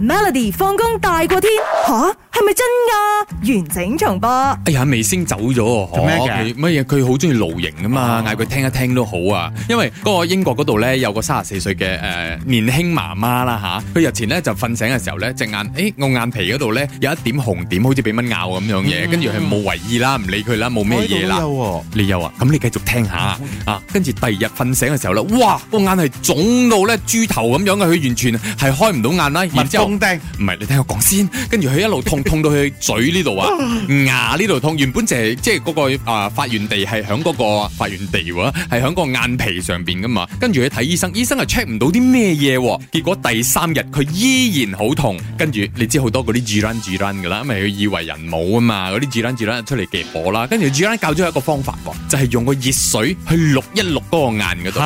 Melody 放工大過天吓，係咪真噶完整重播？哎呀，微星走咗啊！乜嘢？佢好中意露營啊嘛，嗌佢、哦、聽一聽都好啊。因為嗰個英國嗰度咧有個三十四歲嘅誒年輕媽媽啦吓，佢日前咧就瞓醒嘅時候咧隻眼誒我眼皮嗰度咧有一點紅點，好似俾蚊咬咁樣嘢，跟住係冇為意啦，唔理佢啦，冇咩嘢啦。有你有啊？咁你繼續聽下、嗯、啊，跟住第二日瞓醒嘅時候咧，哇個眼係腫到咧豬頭咁樣嘅，佢完全係開唔到眼啦，嗯、然之後。唔係，你聽我講先，跟住佢一路痛痛到佢嘴呢度啊，牙呢度痛。原本就係即係嗰個啊、呃、發源地係響嗰個發源地喎，係響個眼皮上邊噶嘛。跟住佢睇醫生，醫生係 check 唔到啲咩嘢。結果第三日佢依然好痛。跟住你知好多嗰啲街坊街坊噶啦，因為佢以為人冇啊嘛。嗰啲街坊街坊出嚟揭火啦。跟住街坊教咗一個方法，就係、是、用個熱水去渌一渌嗰個眼嗰度。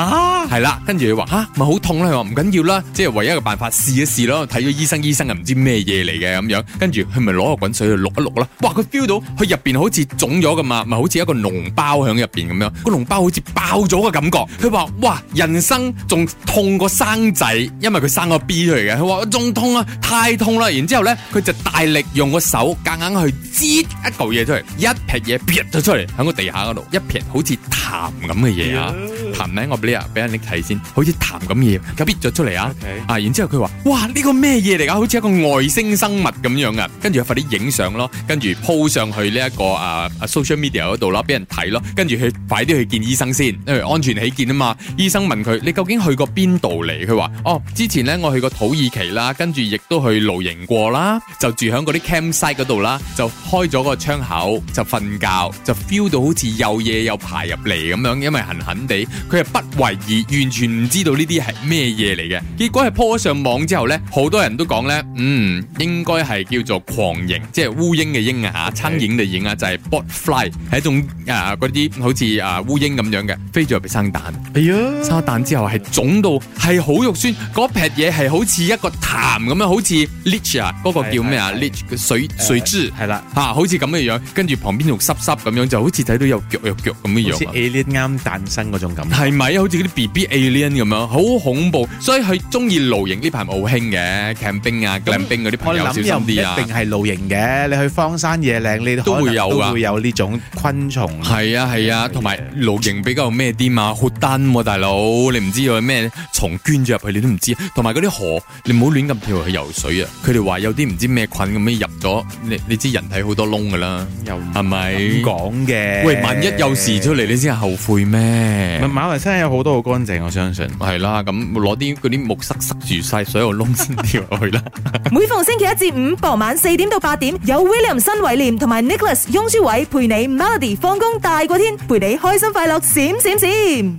係啦、啊，跟住佢話吓，咪好痛啦。佢話唔緊要啦，即係唯一個辦法，試一試咯。睇咗醫。生醫生係，唔知咩嘢嚟嘅咁樣，跟住佢咪攞個滾水去渌一渌啦，哇！佢 feel 到佢入邊好似腫咗噶嘛，咪好似一個膿包響入邊咁樣，個膿包好似爆咗嘅感覺，佢話哇，人生仲痛過生仔，因為佢生個 B 出嚟嘅。佢話仲痛啊，太痛啦，然之後咧佢就大力用個手夾硬去擠一嚿嘢出嚟，一撇嘢撇咗出嚟響個地下嗰度，一撇好似痰咁嘅嘢啊。Yeah. 啊、我俾啊俾人睇先，好似痰咁嘢，佢搣咗出嚟啊，Okay. 啊，然之後佢話哇呢、呢個咩嘢嚟噶，好似一個外星生物咁樣啊。」跟住快啲影相咯，跟住 po 上去呢、這、一個啊，啊 social media 嗰度啦，俾人睇咯，跟住去快啲去見醫生先，因為安全起見啊嘛。醫生問佢你究竟去過邊度嚟？佢話哦之前咧我去過土耳其啦，跟住亦都去露營過啦，就住喺嗰啲 campsite 嗰度啦，就開咗個窗口就瞓覺，就 feel 到好似有嘢又爬入嚟咁樣，因為痕痕地。佢係不為意，完全唔知道呢啲係咩嘢嚟嘅。結果係 po 咗上網之後咧，好多人都講咧，嗯，應該係叫做狂蠅，即係烏蠅嘅蠅啊，蒼蠅嘅蠅啊，就係 botfly 係一種啊嗰啲好似啊烏蠅咁樣嘅，飛咗入去生蛋。哎呀喲，生蛋之後係腫到係好肉酸，嗰一撇嘢係好似一個痰咁樣，好似 litch 啊，嗰個叫咩啊，litch 水水珠係啦，吓好似咁嘅樣，跟住旁邊仲濕濕咁樣，就好似睇到有腳有腳咁嘅樣，好似啱誕生嗰種感。係咪啊？好似嗰啲 B B Alien 咁樣，好恐怖。所以佢中意露營呢排好興嘅，camping 啊，glamping 嗰啲朋友小心啲啊！一定係露營嘅，你去荒山野嶺，你都會有噶，都會有呢種昆蟲。係啊係啊，同埋露營比較咩啲嘛？活菌，大佬你唔知佢咩蟲捐咗入去，你都唔知。同埋嗰啲河，你唔好亂咁跳去游水啊！佢哋話有啲唔知咩菌咁樣入咗，你你知人體好多窿噶啦，係咪咁講嘅？喂，萬一有事出嚟，你先係後悔咩？乜乜？搞衛生有好多好乾淨，我相信係啦。咁攞啲嗰啲木塞塞住晒所有窿先跳落去啦。每逢星期一至五傍晚四點到八點，有 William 新偉廉同埋 Nicholas 雍舒偉陪你 Melody 放工大過天，陪你開心快樂閃閃閃。閃閃閃閃